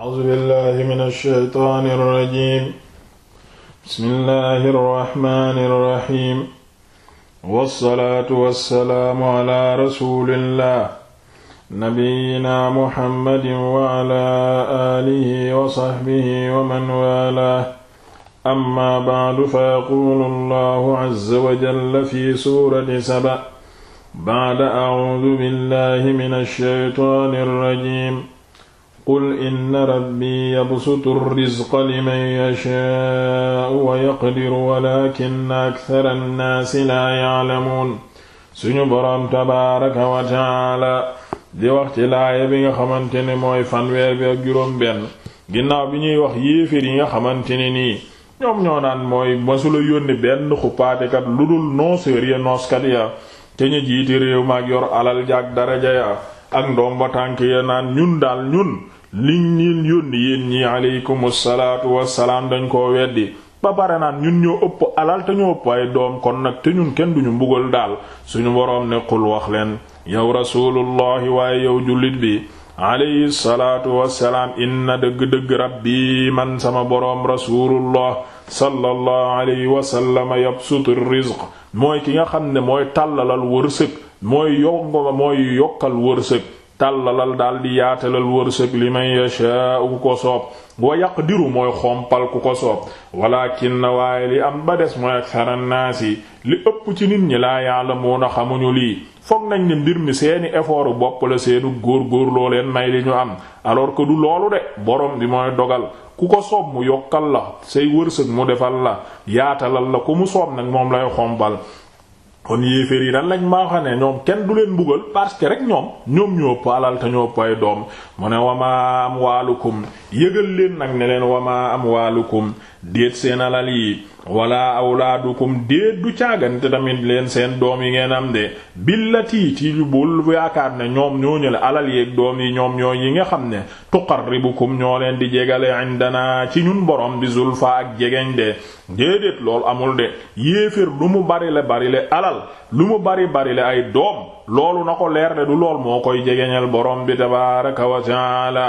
أعوذ بالله من الشيطان الرجيم بسم الله الرحمن الرحيم والصلاة والسلام على رسول الله نبينا محمد وعلى آله وصحبه ومن والاه أما بعد فيقول الله عز وجل في سورة سبأ بعد أعوذ بالله من الشيطان الرجيم qul inna rabbi yabsutu rizqa liman yashaa'u wa yaqdiru walaakinna akthara an-naasi laa ya'lamuun suñu boroom tabaaraka wa ta'aala di wax ci laaya bi nga xamante ne mooy fanweer bi ak juróom benn ginnaaw bi ñuy wax yéeféer yi nga xamante ne nii ñoom ñoo naan mooy masula yónni benn xuppaatekat lu dul nooseer ya nooskat ya te ñu jiiti réew maag yor alal jaag daraja ya ak ndoom ba tànk ya naan ñun daal ñun liñ ñiin yónni yéen ñi aleykum salaatu wassalaam dañ koo weddi ba bare naan ñun ñoo ëpp alal te ñoo ëpp doom kon nag te ñun kenn duñu mbugal daal suñu boroom nekkul wax leen yow rasuulullahi waaye yow jullit bi alayhi salaatu wa wassalaam inna dëgg-dëgg rabbi man sama boroom rasulullah sallallahu alayhi wasallama yabsutu rizq mooy ki nga xam ne mooy tàllalal wërsëg mooy yongo mooy yokkal wërsëg tàllalal daal di yaatalal wërsëg li man yashaa'u ku ko soob wa yaqdiru mooy xompal ku ko soob walakin na waaye li am ba des mooy aksara naasi li ëpp ci nit ñi laa yàlla moo ya'lamuuna xamuñu lii foog nañ ne mbir mi seeni effort bopp la seenu góor góor loo leen may li ñu am alors que du loolu de boroom bi mooy dogal ku ko soob mu yokkal la say wërsëg mu defal la yaatalal la ku mu soob nag moom lay xompal kon yéeféer yi nan lañ maa xam ne ñoom kenn du leen mbugal parce que rek ñoom ñoom ñoo ëpp alal te ñoo ëpp doom mu ne wama am waalukum yëgal leen nag ne leen wama am waalukum déet seen alal yi wala awlaadukum déet du caagante tamit leen seen doom yi ngeen am de billati ci bul yaakaar ne ñoom ñoo ñële alal yeeg doom yi ñoom ñooy yi nga xam ne tuqarribukum ñoo leen di jegale indana ci ñun borom bi zulfa ak jegeñ de déedéet amul de yéeféer lu mu bari le bari le alal lu mu bari bari le ay doom loolu na ko leer ne du lool moo koy jegeñal borom bi tabaaraka wa taala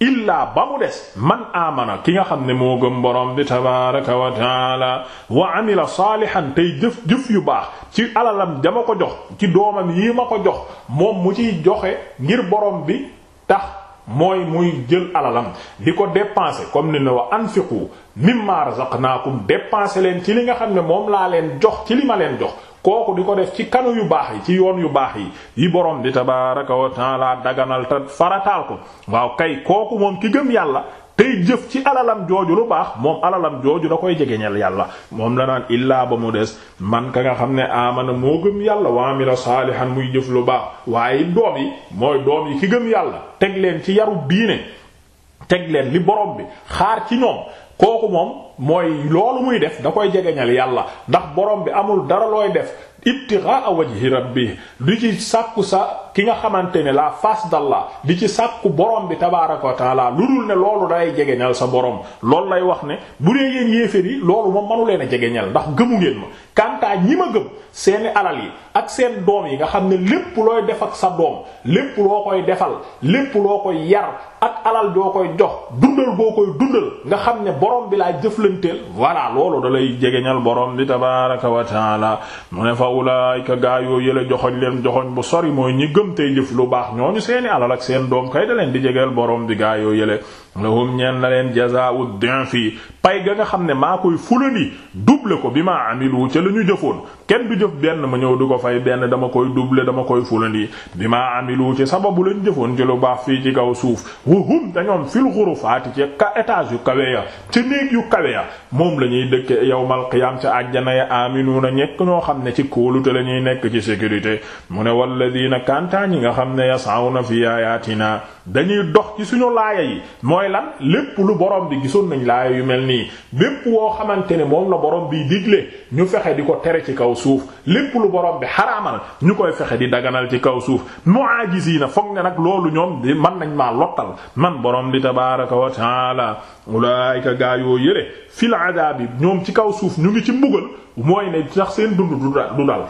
illaa ba mu des man aamana ki nga xam ne moo gëm borom bi tabaaraka wa taala wa amila saalihan tey jëf jëf yu baax ci alalam dama ko jox ci doomam yi ma ko jox moom mu ciy joxe ngir borom bi tax mooy muy jël alalam di ko dépenser comme ni ne wa anfiqu mimma razaqnaakum dépenser leen ci li nga xam ne moom laa leen jox ci li ma leen jox kooku di ko def ci kanu yu baax yi ci yoon yu baax yi yi borom di tabaaraka wa taala daganal ta farataal ko waaw kay kooku moom ki gëm yàlla tey jëf ci alalam jooju lu baax moom alalam jooju da koy ñal yàlla moom la naan illaa ba mu des man ka nga xam ne amana moo gëm yàlla wa amila saalihan muy jëf lu baax waaye doom yi mooy doom yi ki gëm yàlla teg leen ci yaru diine teg leen li borom bi xaar ci ñoom kooku moom mooy loolu muy def da koy jegeñal yàlla ndax borom bi amul dara looy def ibtigha wajhi rabbi du ci sàkku sa ki nga xamante ne la face d'Allah di ci sàkku borom bi tabaaraka wa taala lu dul ne loolu dalay jegeñal sa boroom loolu lay wax ne bu dee yéen yéeféer yi loolu moom manu leen a jegeñal ndax gëmu ngeen ma kantaa ñi ma gëm seeni alal yi ak seen doom yi nga xam ne lépp looy def ak sa doom lépp loo koy defal lépp loo koy yar ak alal joo koy jox dundal boo koy dundal nga xam ne boroom bi laa jëflanteel voilà loolu dalay jegeñal boroom bi tabaaraka wa taala mu gëm tey jëf lu baax ñoo ñooñu seeni alal ak seen doom kay da leen di jegeel boroom bi gaa yoo yële lahum ñeen na leen jazaa'u dhi'fi pay ga nga xam ne maa koy fulandi double ko bi maa amilu ca la ñu jëfoon kenn du jëf benn ma ñëw du ko fay benn dama koy duble dama koy fulandi bi maa amilu ci sababu lañ jëfoon ci lu baax fii ci kaw suuf wa hum dañoom fil xurufaati ci ka étage yu kawe ya ca néeg yu kawe ya moom la ñuy dëkke yawmal qiyaam ca àjjana ya aminuuna ñekk ñoo xam ne ci kóolute la ñuy nekk ci sécurité mu ne walladiina kantaa ñi nga xam ne yas'awna fi ayatina dañuy dox lan lépp lu borom bi gisoon nañ laaya yu mel nii lépp woo xamante ne moom la borom biy digle ñu fexe di ko tere ci kaw suuf lépp lu borom bi xaraamal ñu koy fexe di daganal ci kaw suuf na foog ne nag loolu ñoom di man nañ maa lottal man borom bi tabaaraka wa taala ulaayika gaa yoo yële fil adaabi ñoom ci kaw suuf ñu ngi ci mbugal mooy ne sax seen dund du dal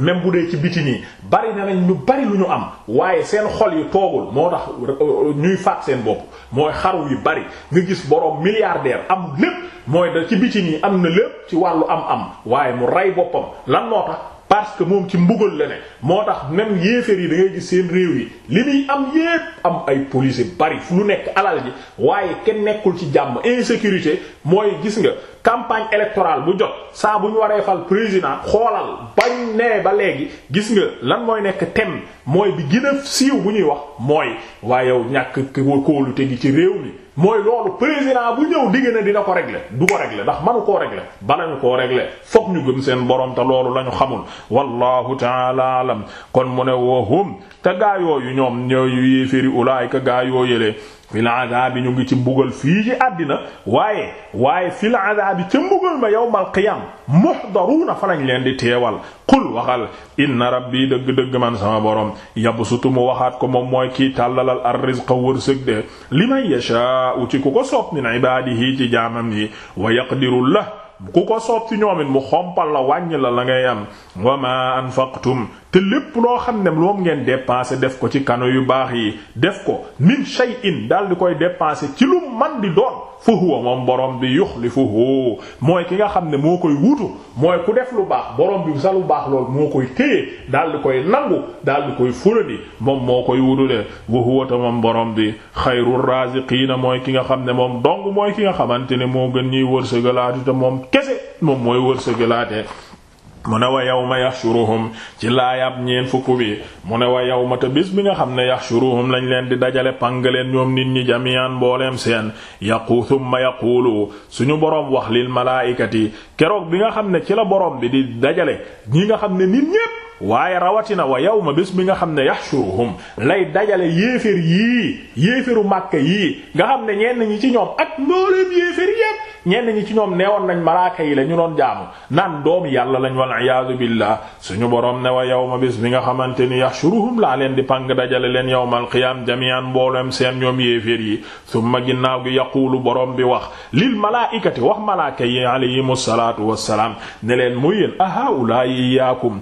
même bu dee ci biti nii bari na nañ ñu bari lu ñu am waaye seen xol yi toogul moo tax euh, ñuy faat seen bopp mooy xaru yu bari nga gis boroom milliardaire am lépp mooy da ci biti nii am na lépp ci wàllu am am waaye mu rey boppam lan noo tax parce que moom ci mbugal la ne moo tax même yéeféer yi da ngay gis seen réew yi li muy am yépp am ay police bari fu lu nekk alal ji waaye kenn nekkul ci jàmm insécurité mooy gis nga campagne électorale bu jot saa bu ñu waree fal président xoolal bañ nee ba léegi gis nga lan mooy nekk thème mooy bi gën siiw bu ñuy wax mooy waaye yow ñàkk kóolute gi ci réew mi mooy loolu président bu ñëw digg na dina ko régler du ko régler ndax manu koo régler bala ñu koo régler fokk ñu gëm seen borom te loolu la ñu xamul wallahu taala alam kon mu ne woo hum te gaayooyu ñoom ñëw ñooyu yéeféri ulaay ka gaayoo yëlee fil azaabi ñu ngi ci mbugal fii ci àddina waaye waaye fil azaabi ca mbugal ma yawmal qiyam muhdaruuna fa lañ leen di teewal qul waxal inna rabbi dëgg-dëgg man sama borom yabsutu mu waxaat ko moom mooy kii tàllalal ar-rizqa wërsëg de liman yashaa'u ci ku ko soob min ibaadihi ci jaamam yi wa yaqdiru la ku ko soob ci ñoom it mu xompal la wàññi la la ngay am wa ma anfaqtum te lépp loo xam ne moom ngeen dépensé def ko ci kano yu baax yi def ko min shay'in daal di koy dépensé ci lu man di doon fa huwa moom borom bi yuxlifuhu mooy ki nga xam ne moo koy wutu mooy ku lu baax borom bi sa lu baax lool moo koy téye daal di koy nangu daal di koy furadi moom moo koy wutu de wa huwa moom borom bi xayrur raziqiina mooy ki nga xam ne moom dong mooy ki nga xamante ne moo gën ñuy wërsëgalaate te moom kese moom mooy sa wërsëgalaate mu ne wa ma yahshuruhum ci laayab ñeen fukk bi mu ne wa yawma te bés bi nga xam ne yahshuruhum lañ leen di dajale leen ñoom nit ñi jami'an mbooleem seen yaqu thumma yaqulu suñu boroom wax lil malaa'ikati keroog bi nga xam ne ci la boroom bi di dajale ñi nga xam ne nit ñépp waaye rawatina wa yawma bés bi nga xam ne yahshuruhum lay dajale yéefér yii yéeféru màkk yii nga xam ne ñenn ñi ci ñoom ak mbooleem yéefér yépp ñenn ñi ci ñoom neewoon nañ malaaka yi la ñu doon jaamu naan doom yàlla lañ wal iyaadu billah suñu boroom ne wa yawma bés bi nga xamante ni yahshuruhum laa leen di pang dajale leen yawmal qiyaam jami'an mbooleem seen ñoom yéefér yi summa ginnaaw gi yaquulu boroom bi wax lil malaa'ikati wax malaaka yi alayhimu salaatu wassalaam ne leen mu yéen a haa'ulaa'i iyyaakum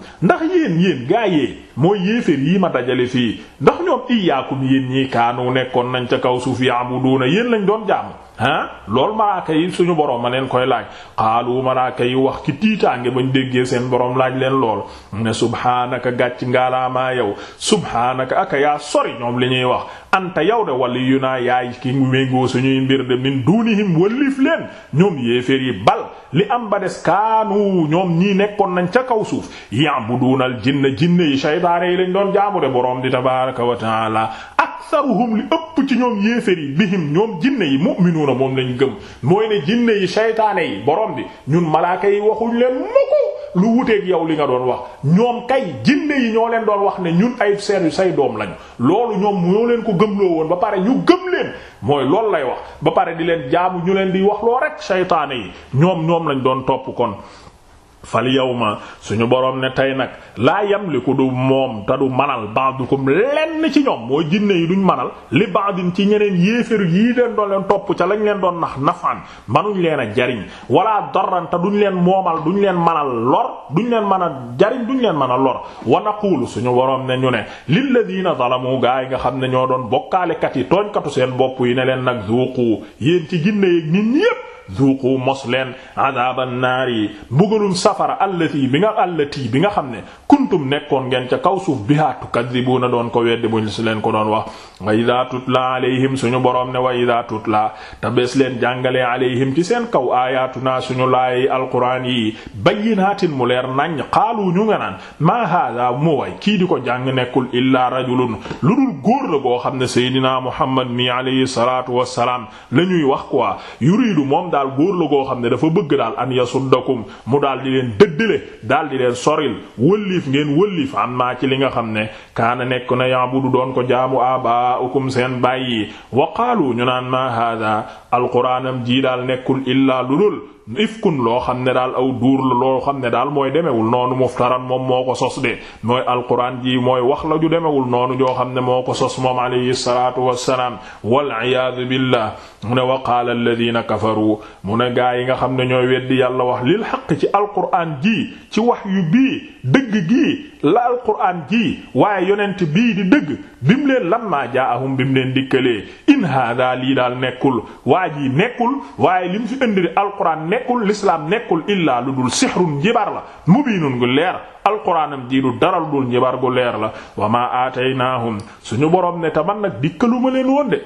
yéen yéen gaa yee mooy yéeféer yi ma dajale fii ndax ñoom iyaakum yéen ñii kaanu nekkoon nañ ca kaw suuf ya'buduna yéen lañ doon jaamu ah lool malaaka yi suñu borom ma leen koy laaj xaalu malaaka yi wax ci tiitaange bañ déggee seen borom laaj leen lool ne subhaanaka gàcc ngaalaamaa yow subhaanaka aka yaa sori ñoom li ñuy wax anta yow de waliyuna yaay ki méngoo suñuy mbir de min duunihim wallif leen ñoom yéeféer yi bal li am ba des kaanu ñoom ñii nekkoon nañ ca kaw suuf ya'buduunal jinna jinne yi saytaane yi lañ doon jaamu de boroom di tabaaraka wa taala aksaruhum li ëpp ci ñoom yéeféer yi bihim ñoom jinne yi mu'minuuna moom lañ gëm mooy ne jinne yi saytaane yi boroom bi ñun malaaka yi waxuñ leen mukk lu wuteeg yow li nga doon wax ñoom kay jinne yi ñoo leen doon wax ne ñun ay seetu say doom gëm loo woon ba pare ñu gëm leen mooy loolu lay wax ba pare di leen jaamu ñu leen di wax loo rek saytaane yi ñoom ñoom lañ doon topp kon fal yawma suñu boroom ne tey nag laa yamliku du moom te du manal ba'dukum lenn ci ñoom mooy jinne yi duñ manal li ba'din ci ñeneen yéefér yii leen doon leen topp ca lañ leen doon nax nafaan manuñ leen a jariñ wala darran te duñu leen moomal duñ leen manal lor duñ leen mën a jariñ duñ leen mën a lor wa naqulu suñu boroom ne ñu ne li lilladina zalamu gaa yi nga xam ne ñoo doon bokkaalekat yi tooñkatu seen bopp yi ne leen nag zuuqu yéen ci jinne duuqu mos leen adaaban naar yi mbugalum safara allati bi nga allati bi nga xam ne kuntum nekkoon ngeen ca kaw suuf biha tukadibuuna doon ko weddi buñ si leen ko doon wax wa ida tutla alayhim suñu boroom ne wa ida tutla te bees leen jàngalee alayhim ci seen kaw aayaatuna suñu laayi alquraan yi bayyinaatin mu leer nañ xaalu ñu nga naan maa hada mu way kii di ko jàng nekkul illaa rajulun lu dul góor la goo xam ne seydinaa muhammad mi alayhi salaatu wassalaam lañuy wax quoi yuridu moom daal la goo xam ne dafa bëgg daal an yasuddakum mu dal di leen dëddale daal di leen soril wëlliif ngeen wëlliif am maa ci li nga xam ne kaana nekk na ya'budu doon ko jaamu aba'ukum seen bàyyi wa qaalu ñu naan ma hada alquraanam ji daal nekkul illaa lu ifkun loo xam ne daal aw duur la loo xam ne daal mooy demewul noonu muftaran moom moo ko sos de mooy alquran ji mooy wax la ju demewul noonu joo xam ne moo ko sos moom alayhi salaatu wassalaam wal iyaadu billah mu ne wa qaala alladina kafaru mu ne gaa yi nga xam ne ñooy weddi yàlla wax lil xaq ci alquran ji ci wax yu bii dëgg gi la alquraan jii waaye yonent bii di dëgg bim leen lammaa jaahum bim leen dikkalee in hada lii daal nekkul waa ji nekkul waaye lim fi indi di alquraan nekkul lislaam nekkul illaa lu dul sihrun njibar la mubiinun gu leer alquraanam jii du dara dul njibar gu leer la wa maa aataynaahum suñu borom ne taman nag dikkalu ma leen woon de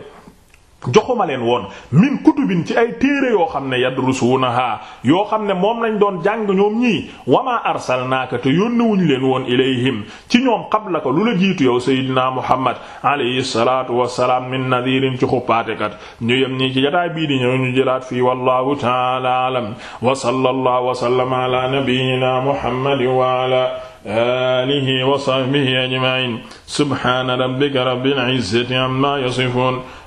joxuma leen woon min kutubin ci ay téere yoo xam ne yadrusuunaha yoo xam ne moom lañ doon jàng ñoom ñii wamaa arsalnaaka te yónniwuñ leen woon ilayhim ci ñoom qabla ko lu la jiitu yow sayyidina muhammad alayhi salatu wasalaam min nadirin ci xuppaatekat ñu yem ñii ci jotaay bii di ñëw ñu jëlaat fi wallahu ta'ala alam wa sallallahu wa sallama ala nabiyyina muhammad wa ala alihi wa sahbihi ajma'in subhana rabbika rabbil izzati amma yasifun